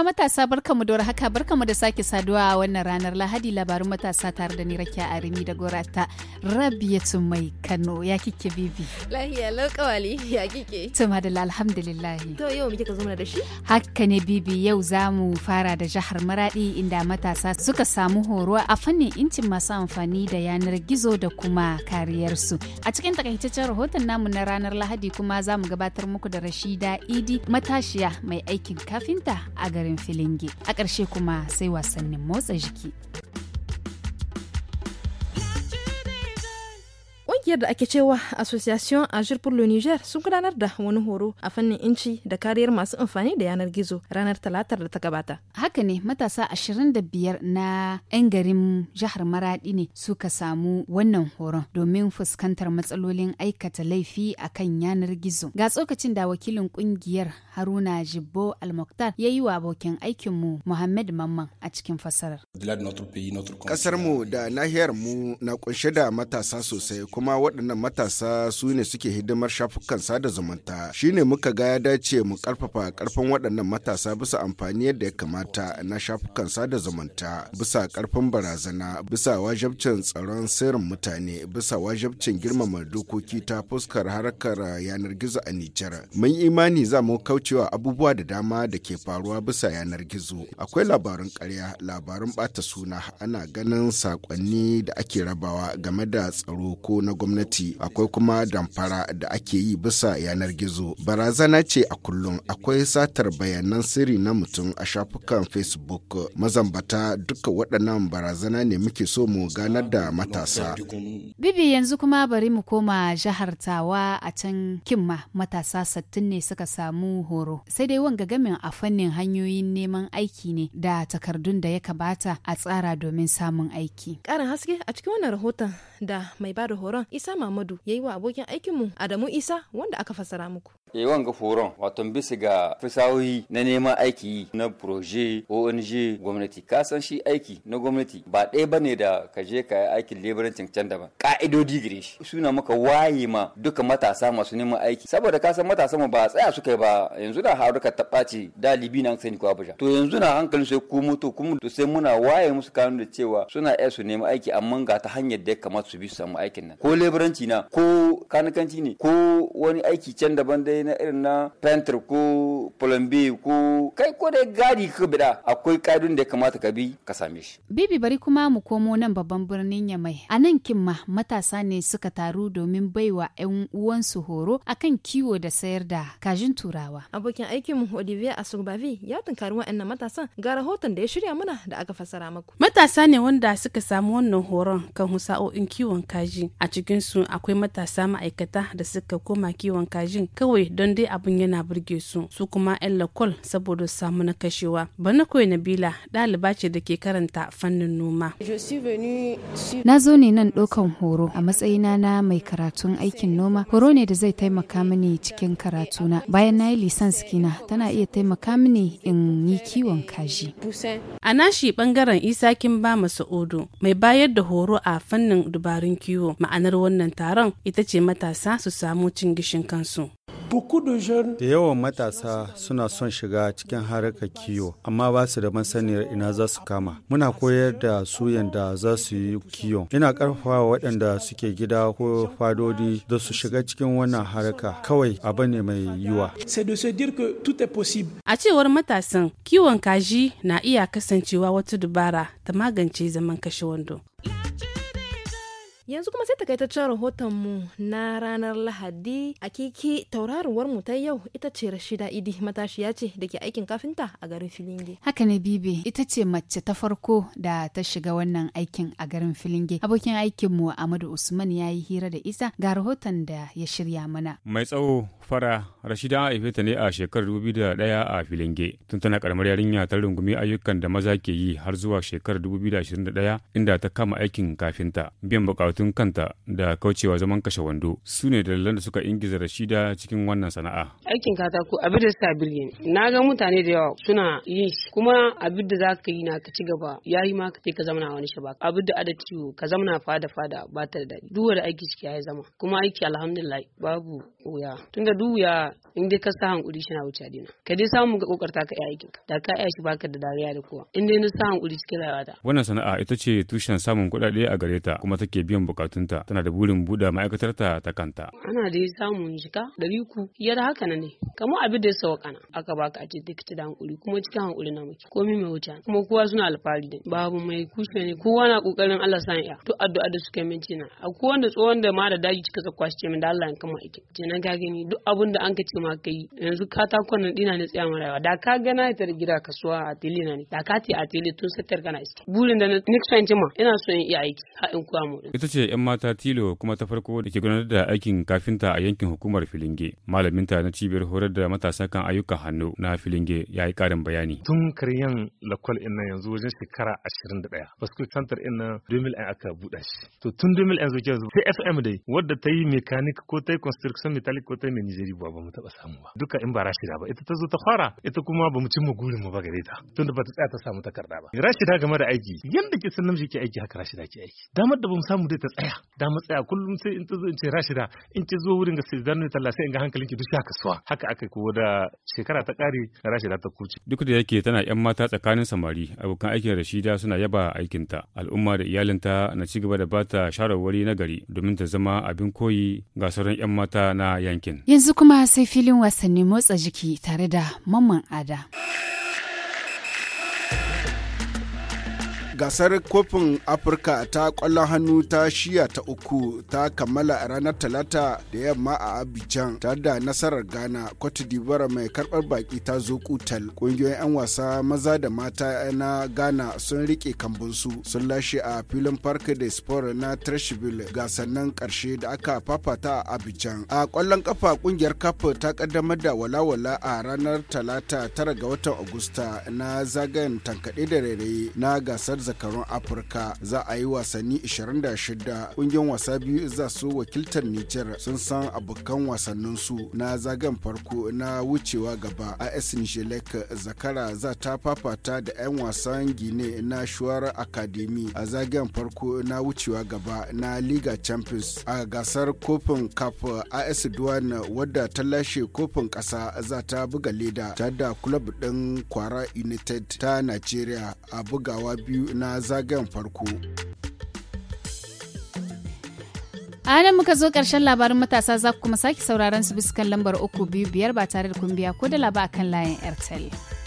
uwa matasa barkamu da haka mu da sake saduwa a wannan ranar Lahadi labarun matasa tare da ni Rakiya Arimi da Gorata Rabiyatu mai Kano ya kike bibi. Lahiya lokawali ya kike. Tuma da alhamdulillah. To yau muke ka zo da shi? Haka ne bibi yau za mu fara da jihar Maradi inda matasa suka samu horo a fannin incin masu amfani da yanar gizo da kuma kariyarsu. A cikin takaitaccen rahoton namu na ranar Lahadi kuma za mu gabatar muku da Rashida Idi matashiya mai aikin kafinta a garin filin filinge a ƙarshe kuma sai wasannin motsa jiki kungiyar da ake cewa Association Agir pour le Niger sun gudanar da wani horo a fannin inci da kariyar masu amfani da yanar gizo ranar talatar da ta gabata. Haka ne matasa 25 na 'yan garin jihar Maradi ne suka samu wannan horon domin fuskantar matsalolin aikata laifi a kan yanar gizo. Ga tsokacin da wakilin kungiyar Haruna Jibbo Almoktar ya yi wa abokin aikinmu Muhammad Mamman a cikin fasarar. Kasar mu da nahiyar mu na kunshe da matasa sosai kuma waɗannan matasa su ne suke hidimar shafukan sada zumunta shine muka ga ya dace mu karfafa karfin waɗannan matasa bisa amfani yadda ya kamata na shafukan sada zumunta bisa karfin barazana bisa wajabcin tsaron sirrin mutane bisa wajabcin girmama dokoki ta fuskar harkar yanar gizo a Nijar. Mun imani za mu kaucewa abubuwa da dama da ke faruwa bisa yanar gizo. Akwai labarun karya, labarun bata suna, ana ganin saƙonni da ake rabawa game da tsaro ko na gwamnati. gwamnati akwai kuma damfara da ake yi bisa yanar gizo barazana ce a kullum akwai satar bayanan sirri na mutum a shafukan facebook mazambata duka waɗannan barazana ne muke so mu ganar da matasa bibi yanzu kuma bari mu koma jihar tawa a can kimma matasa sattin ne suka samu horo sai dai wanga gamin a fannin hanyoyin neman aiki ne da takardun da ya kamata a tsara domin samun aiki ƙarin haske a cikin wannan rahoton da mai bada horon isa mamadu ya yi wa abokin aikinmu adamu isa wanda aka fassara muku e wanga horon wato bisa ga fasahohi na neman aiki na proje ong gwamnati ka san shi aiki na gwamnati ba ɗaya ba ne da ka je ka yi aikin leburancin can daban ka'idodi gire shi suna maka waye ma duka matasa masu neman aiki saboda ka san matasa ma ba tsaya suka yi ba yanzu na haruka ta ɓaci dalibi na sani ko abuja to yanzu na hankali sai ku mutu kuma to sai muna waye musu kanu da cewa suna iya su neman aiki amma ga ta hanyar da ya kamata su bi su samu aikin nan ko leburanci na ko kanikanci ne ko wani aiki can daban dai na irin na fentir ko plumbier ko ko da gadi ka bida akwai ka'idun da ya kamata ka bi ka same shi. Bibi bari kuma mu komo nan babban birnin Yamai. A nan kimma matasa ne suka taru domin baiwa 'yan uwansu horo akan kiwo da sayar da kajin turawa. Abokin aikin mu Olivier Asurbavi ya tunkari wa'annan matasan ga rahoton da ya shirya mana da aka fassara muku. Matasa ne wanda suka samu wannan horon kan husa'o'in kiwon kaji. A cikinsu. akwai matasa ma'aikata da suka koma kiwon kajin kawai don dai abin yana burge su. Su kuma 'yan lakol saboda samun. samu na kashewa bana koyi nabila ɗaliba ce da ke karanta fannin noma na zo ne nan ɗaukan horo a matsayina na mai karatun aikin noma horo ne da zai taimaka mini cikin karatuna bayan na yi lisans kina tana iya taimaka mini in yi kiwon kaji a nashi bangaren isa kin ba odo mai bayar da horo a fannin dubarun kiwo ma'anar wannan taron ita ce matasa su samu cin gishin kansu Da yawan matasa suna son shiga cikin harkar kiwo amma ba su da masaniyar ina za su kama. Muna koyar da su yadda za su yi kiyo. Ina karfafa waɗanda suke gida ko fadodi da su shiga cikin wannan haraka kawai abu ne mai yiwa. A cewar matasan, kiwon kaji na iya kasancewa wata dubara ta magance zaman kashe wando. Yanzu kuma sai takaitaccen mu na ranar Lahadi a kiki mu ta yau ita ce Rashida Idi matashiya ce da ke aikin kafinta a garin Filinge. Haka ne Bibi ita ce mace ta farko da ta shiga wannan aikin a garin Filinge. Abokin aikinmu Amadu Usman ya yi hira da isa ga rahoton da ya shirya mana. Mai tsawo fara Rashida ta ne a shekarar ɗaya a Filinge. Tun tana karamar yarinya ta rungumi ayyukan da maza ke yi har zuwa shekarar ɗaya inda ta kama aikin kafinta. Biyan bukatu buƙatun kanta da kaucewa zaman kashe wando su ne dalilan da suka ingiza da Rashida cikin wannan sana'a. Aikin katako abin da sa birge ne. Na ga mutane da yawa suna yi kuma abin da za ka yi na ka ci gaba ya yi ma ka ka zamana wani shi Abin da ada ciwo ka zamana fada fada ba ta da daɗi. Duk wani aiki ciki ya zama kuma aiki alhamdulillah babu wuya. Tunda duk wuya in dai ka sa hankuri shi na wuce dina. Ka dai samu ka kokarta ka yi aikin ka. Da ka yi shi baka da dariya da kowa. In dai na sa hankuri cikin rayuwa ta. Wannan sana'a ita ce tushen samun kuɗaɗe a gare ta kuma take biyan bukatunta tana da burin buɗe ma'aikatar ta ta kanta. Ana da samun jika ɗari ku fiye da haka ne kamar abin da ya sauka na aka baka a cikin duk da hankuri kuma cikin hankuri na mace komai mai wuce kuma kowa suna alfahari da babu mai kushe ne kowa na kokarin Allah san A to addu'a da suka min cina akwai wanda tsohon da ma da daji cika zakwa shi min da Allah ya kama ake ce na gani duk abin da an ka ce ma ka yi. yanzu ka katakon kwana dina ne tsaya mara da ka gana ta gida kasuwa a tili na ne da ka ti a tili tun sattar kana iske burin da na nixon jima ina so in iya aiki ha in kuwa mu ita ce 'yan mata tilo kuma ta farko da ke gudanar da aikin kafinta a yankin hukumar filinge malaminta na cibiyar horar da matasa kan ayyukan hannu na filinge ya yi karin bayani tun karyan lakwal in nan yanzu wajen shekara 21 basu center in nan 2000 aka buɗa shi to tun 2000 yanzu ke sai fm dai wadda ta yi mechanic ko ta yi construction metallic ko ta yi menijeri ba ba mu taɓa samu ba duka in ba rashida ba ita ta zo ta fara ita kuma ba mu cimma gurin mu ba gare ta tun da ba ta tsaya ta samu takarda ba rashida game da aiki yanda ke san namiji ke aiki haka rashida ke aiki damar da ba mu samu da ta tsaya da mu tsaya kullum sai in ta zo in ce rashida in ki zo wurin ga sai zanne talla sai in ga hankalin ki duk ya kasuwa haka aka ko da shekara ta kare rashida ta kuce duk da yake tana yan mata tsakanin samari abokan aikin rashida suna yaba aikin ta al'umma da iyalinta na ci gaba da bata shawarwari na gari domin ta zama abin koyi ga sauran yan mata na yankin yanzu kuma sai filin wasannin motsa jiki tare da mamman ada gasar kofin afirka ta kwallon hannu ta shiya ta uku ta kammala ranar talata da yamma a abidjan tare da nasarar ghana cote d'ivoire mai karbar baki ta zo kutal kungiyoyin 'yan wasa maza da mata na ghana sun rike kambunsu sun lashe a filin park de sport na trashville gasannin karshe da aka fafata a abidjan a kwallon kafa kungiyar kafa ta kaddamar da walawala a ranar talata tara ga watan agusta na zagayen tankaɗe da rairaye na gasar zakarun afirka za a yi wasanni 26 ƙungiyar wasa biyu za su wakiltar nijar sun san abokan su na zagan farko na wucewa gaba as nijelek zakara za ta fafata da 'yan wasan gine na shuwar academy a zagayan farko na wucewa gaba na liga champions a gasar kofin cup as duwan wadda ta lashe kofin ƙasa za ta buga leda ta da kulab ɗin kwara united ta nigeria a bugawa biyu na zagayen farko. a nan muka zo ƙarshen labarin matasa za ku kuma sake sauraron su bisa kan lambar uku biyu biyar ba tare da kumbiya biya ko da laba akan layin airtel.